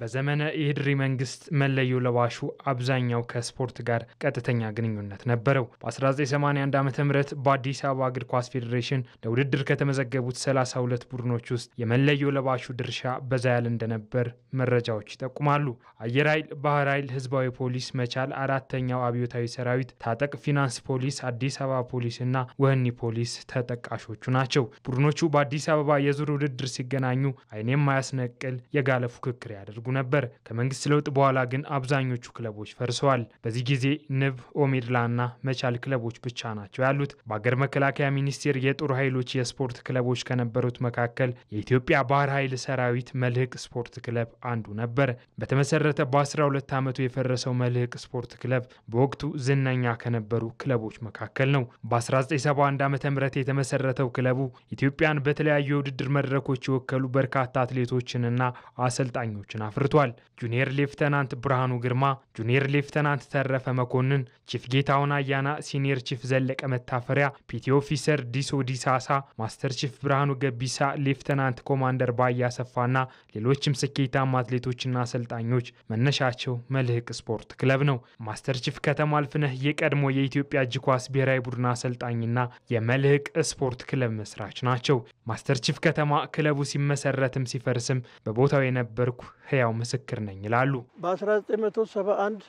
በዘመነ ኢሕድሪ መንግስት መለዮ ለባሹ አብዛኛው ከስፖርት ጋር ቀጥተኛ ግንኙነት ነበረው። በ1981 ዓ ም በአዲስ አበባ እግር ኳስ ፌዴሬሽን ለውድድር ከተመዘገቡት 32 ቡድኖች ውስጥ የመለዮ ለባሹ ድርሻ በዛ ያለ እንደነበር መረጃዎች ይጠቁማሉ። አየር ኃይል፣ ባህር ኃይል፣ ህዝባዊ ፖሊስ፣ መቻል፣ አራተኛው አብዮታዊ ሰራዊት፣ ታጠቅ፣ ፊናንስ ፖሊስ፣ አዲስ አበባ ፖሊስ እና ወህኒ ፖሊስ ተጠቃሾቹ ናቸው። ቡድኖቹ በአዲስ አበባ የዙር ውድድር ሲገናኙ አይኔም የማያስነቅል የጋለ ፉክክር ያደርጉ ነበር። ከመንግስት ለውጥ በኋላ ግን አብዛኞቹ ክለቦች ፈርሰዋል። በዚህ ጊዜ ንብ፣ ኦሜድላና መቻል ክለቦች ብቻ ናቸው ያሉት። በአገር መከላከያ ሚኒስቴር የጦር ኃይሎች የስፖርት ክለቦች ከነበሩት መካከል የኢትዮጵያ ባህር ኃይል ሰራዊት መልህቅ ስፖርት ክለብ አንዱ ነበር። በተመሰረተ በ12 ዓመቱ የፈረሰው መልህቅ ስፖርት ክለብ በወቅቱ ዝነኛ ከነበሩ ክለቦች መካከል ነው። በ1971 ዓ ም የተመሰረተው ክለቡ ኢትዮጵያን በተለያዩ የውድድር መድረኮች የወከሉ በርካታ አትሌቶችንና አሰልጣኞችን አፈ አፍርቷል። ጁኒየር ሌፍተናንት ብርሃኑ ግርማ፣ ጁኒየር ሌፍተናንት ተረፈ መኮንን፣ ቺፍ ጌታውን አያና፣ ሲኒየር ቺፍ ዘለቀ መታፈሪያ፣ ፒቲ ኦፊሰር ዲሶ ዲሳሳ፣ ማስተር ቺፍ ብርሃኑ ገቢሳ፣ ሌፍተናንት ኮማንደር ባያ ሰፋና ሌሎችም ስኬታማ አትሌቶችና አሰልጣኞች መነሻቸው መልህቅ ስፖርት ክለብ ነው። ማስተር ቺፍ ከተማ አልፍነህ የቀድሞ የኢትዮጵያ እጅ ኳስ ብሔራዊ ቡድን አሰልጣኝና የመልህቅ ስፖርት ክለብ መስራች ናቸው። ማስተር ቺፍ ከተማ ክለቡ ሲመሰረትም ሲፈርስም በቦታው የነበርኩ ህያው ሕያው ምስክር ነኝ ይላሉ። በ1971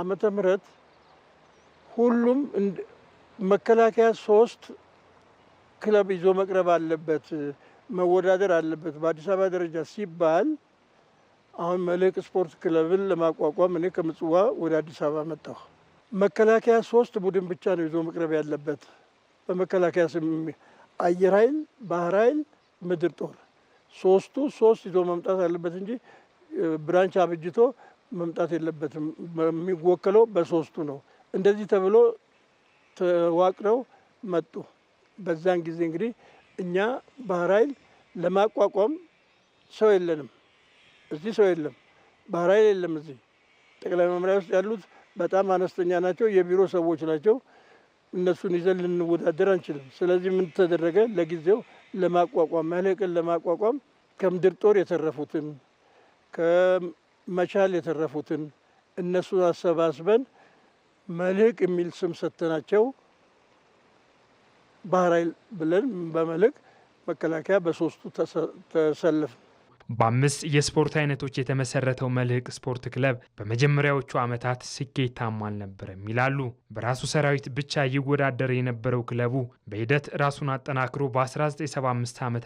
ዓመተ ምህረት ሁሉም መከላከያ ሶስት ክለብ ይዞ መቅረብ አለበት፣ መወዳደር አለበት በአዲስ አበባ ደረጃ ሲባል አሁን መልሕቅ ስፖርት ክለብን ለማቋቋም እኔ ከምጽዋ ወደ አዲስ አበባ መጣሁ። መከላከያ ሶስት ቡድን ብቻ ነው ይዞ መቅረብ ያለበት በመከላከያ ስም አየር ኃይል፣ ባህር ኃይል፣ ምድር ጦር ሶስቱ ሶስት ይዞ መምጣት አለበት እንጂ ብራንች አብጅቶ መምጣት የለበትም። የሚወከለው በሶስቱ ነው። እንደዚህ ተብሎ ተዋቅረው መጡ። በዛን ጊዜ እንግዲህ እኛ ባህር ኃይል ለማቋቋም ሰው የለንም። እዚህ ሰው የለም፣ ባህር ኃይል የለም። እዚህ ጠቅላይ መምሪያ ውስጥ ያሉት በጣም አነስተኛ ናቸው፣ የቢሮ ሰዎች ናቸው። እነሱን ይዘን ልንወዳደር አንችልም። ስለዚህ ምን ተደረገ? ለጊዜው ለማቋቋም ማለቅን ለማቋቋም ከምድር ጦር የተረፉትን ከመቻል የተረፉትን እነሱን አሰባስበን መልህቅ የሚል ስም ሰጥተናቸው ባህር ኃይል ብለን በመልህቅ መከላከያ በሶስቱ ተሰልፍ። በአምስት የስፖርት አይነቶች የተመሰረተው መልህቅ ስፖርት ክለብ በመጀመሪያዎቹ ዓመታት ስኬታማ አልነበረም ይላሉ። በራሱ ሰራዊት ብቻ ይወዳደር የነበረው ክለቡ በሂደት ራሱን አጠናክሮ በ1975 ዓ ም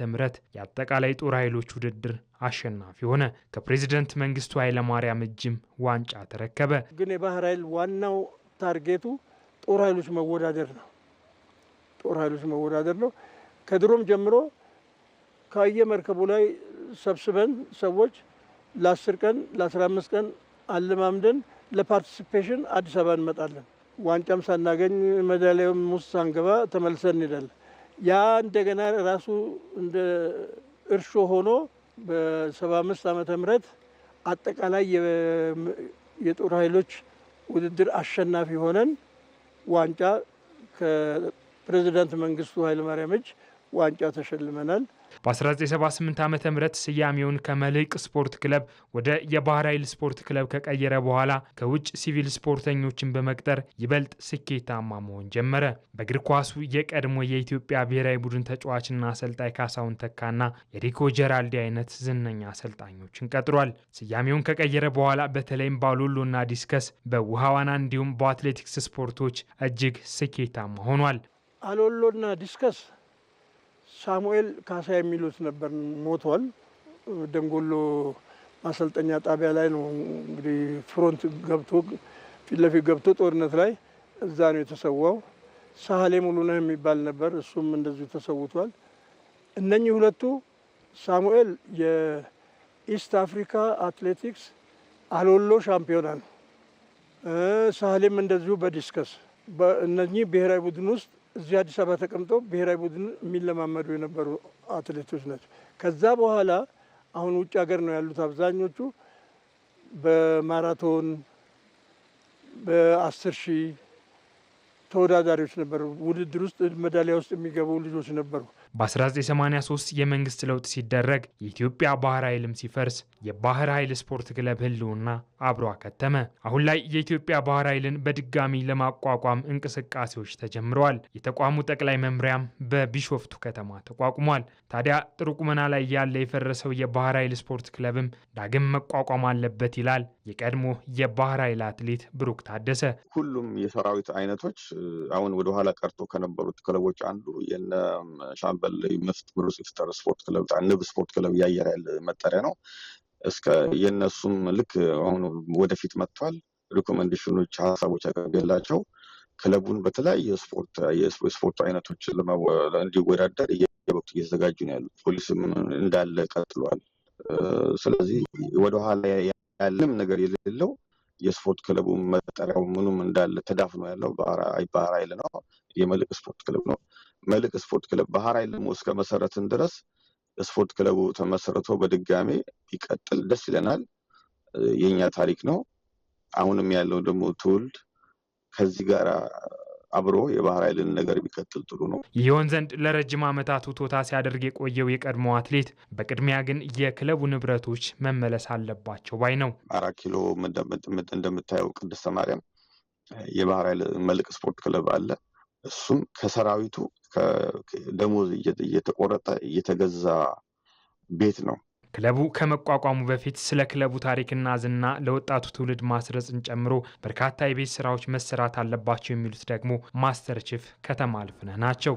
የአጠቃላይ ጦር ኃይሎች ውድድር አሸናፊ ሆነ። ከፕሬዚደንት መንግስቱ ኃይለማርያም እጅም ዋንጫ ተረከበ። ግን የባህር ኃይል ዋናው ታርጌቱ ጦር ኃይሎች መወዳደር ነው። ጦር ኃይሎች መወዳደር ነው። ከድሮም ጀምሮ ከየ መርከቡ ላይ ሰብስበን ሰዎች ለአስር ቀን ለአስራ አምስት ቀን አለማምደን ለፓርቲሲፔሽን አዲስ አበባ እንመጣለን። ዋንጫም ሳናገኝ መዳሊያም ውስጥ ሳንገባ ተመልሰን እንሄዳለን። ያ እንደገና ራሱ እንደ እርሾ ሆኖ በሰባ አምስት ዓመተ ምህረት አጠቃላይ የጦር ኃይሎች ውድድር አሸናፊ ሆነን ዋንጫ ከፕሬዚዳንት መንግስቱ ኃይለማርያም እጅ ዋንጫ ተሸልመናል። በ1978 ዓ ም ስያሜውን ከመልሕቅ ስፖርት ክለብ ወደ የባህር ኃይል ስፖርት ክለብ ከቀየረ በኋላ ከውጭ ሲቪል ስፖርተኞችን በመቅጠር ይበልጥ ስኬታማ መሆን ጀመረ። በእግር ኳሱ የቀድሞ የኢትዮጵያ ብሔራዊ ቡድን ተጫዋችና አሰልጣኝ ካሳሁን ተካና የሪኮ ጀራልዲ አይነት ዝነኛ አሰልጣኞችን ቀጥሯል። ስያሜውን ከቀየረ በኋላ በተለይም ባሎሎና ዲስከስ፣ በውሃ ዋና እንዲሁም በአትሌቲክስ ስፖርቶች እጅግ ስኬታማ ሆኗል። አሎሎና ዲስከስ ሳሙኤል ካሳ የሚሉት ነበር። ሞቷል። ደንጎሎ ማሰልጠኛ ጣቢያ ላይ ነው እንግዲህ ፍሮንት ገብቶ ፊት ለፊት ገብቶ ጦርነት ላይ እዛ ነው የተሰዋው። ሳህሌ ሙሉነህ የሚባል ነበር። እሱም እንደዚሁ ተሰውቷል። እነኚህ ሁለቱ ሳሙኤል የኢስት አፍሪካ አትሌቲክስ አልወሎ ሻምፒዮና ነው። ሳህሌም እንደዚሁ በዲስከስ በእነኚህ ብሔራዊ ቡድን ውስጥ እዚህ አዲስ አበባ ተቀምጦ ብሔራዊ ቡድን የሚለማመዱ የነበሩ አትሌቶች ናቸው። ከዛ በኋላ አሁን ውጭ ሀገር ነው ያሉት አብዛኞቹ በማራቶን በአስር ሺህ ተወዳዳሪዎች ነበሩ። ውድድር ውስጥ መዳሊያ ውስጥ የሚገቡ ልጆች ነበሩ። በ1983 የመንግስት ለውጥ ሲደረግ የኢትዮጵያ ባህር ኃይልም ሲፈርስ የባህር ኃይል ስፖርት ክለብ ህልውና አብሮ አከተመ። አሁን ላይ የኢትዮጵያ ባህር ኃይልን በድጋሚ ለማቋቋም እንቅስቃሴዎች ተጀምረዋል። የተቋሙ ጠቅላይ መምሪያም በቢሾፍቱ ከተማ ተቋቁሟል። ታዲያ ጥሩ ቁመና ላይ ያለ የፈረሰው የባህር ኃይል ስፖርት ክለብም ዳግም መቋቋም አለበት ይላል የቀድሞ የባህር ኃይል አትሌት ብሩክ ታደሰ። ሁሉም የሰራዊት አይነቶች አሁን ወደኋላ ቀርቶ ከነበሩት ክለቦች አንዱ የነ በላይ መፍት ብሎ ስፖርት ክለብ ንብ ስፖርት ክለብ የአየር ያለ መጠሪያ ነው። እስከ የእነሱም ልክ አሁን ወደፊት መጥቷል። ሪኮሜንዴሽኖች፣ ሀሳቦች ያቀርብላቸው ክለቡን በተለያየ ስፖርት የስፖርት አይነቶች እንዲወዳደር እየበቅቱ እየተዘጋጁ ነው ያሉት። ፖሊስም እንዳለ ቀጥሏል። ስለዚህ ወደኋላ ያለም ነገር የሌለው የስፖርት ክለቡ መጠሪያው ምኑም እንዳለ ተዳፍኖ ያለው ባህር ኃይል ነው። የመልቅ ስፖርት ክለብ ነው። መልቅ ስፖርት ክለብ ባህር ኃይል ደግሞ እስከ መሰረትን ድረስ ስፖርት ክለቡ ተመሰረቶ በድጋሜ ይቀጥል ደስ ይለናል። የኛ ታሪክ ነው። አሁንም ያለው ደግሞ ትውልድ ከዚህ ጋር አብሮ የባህር ኃይልን ነገር ቢቀጥል ጥሩ ነው። ይሆን ዘንድ ለረጅም ዓመታት ውቶታ ሲያደርግ የቆየው የቀድሞ አትሌት በቅድሚያ ግን የክለቡ ንብረቶች መመለስ አለባቸው ባይ ነው። አራት ኪሎ እንደምታየው ቅድስተ ማርያም የባህር ኃይል መልቅ ስፖርት ክለብ አለ። እሱም ከሰራዊቱ ደሞዝ እየተቆረጠ እየተገዛ ቤት ነው። ክለቡ ከመቋቋሙ በፊት ስለ ክለቡ ታሪክና ዝና ለወጣቱ ትውልድ ማስረጽን ጨምሮ በርካታ የቤት ስራዎች መሰራት አለባቸው የሚሉት ደግሞ ማስተር ቺፍ ከተማ አልፍነህ ናቸው።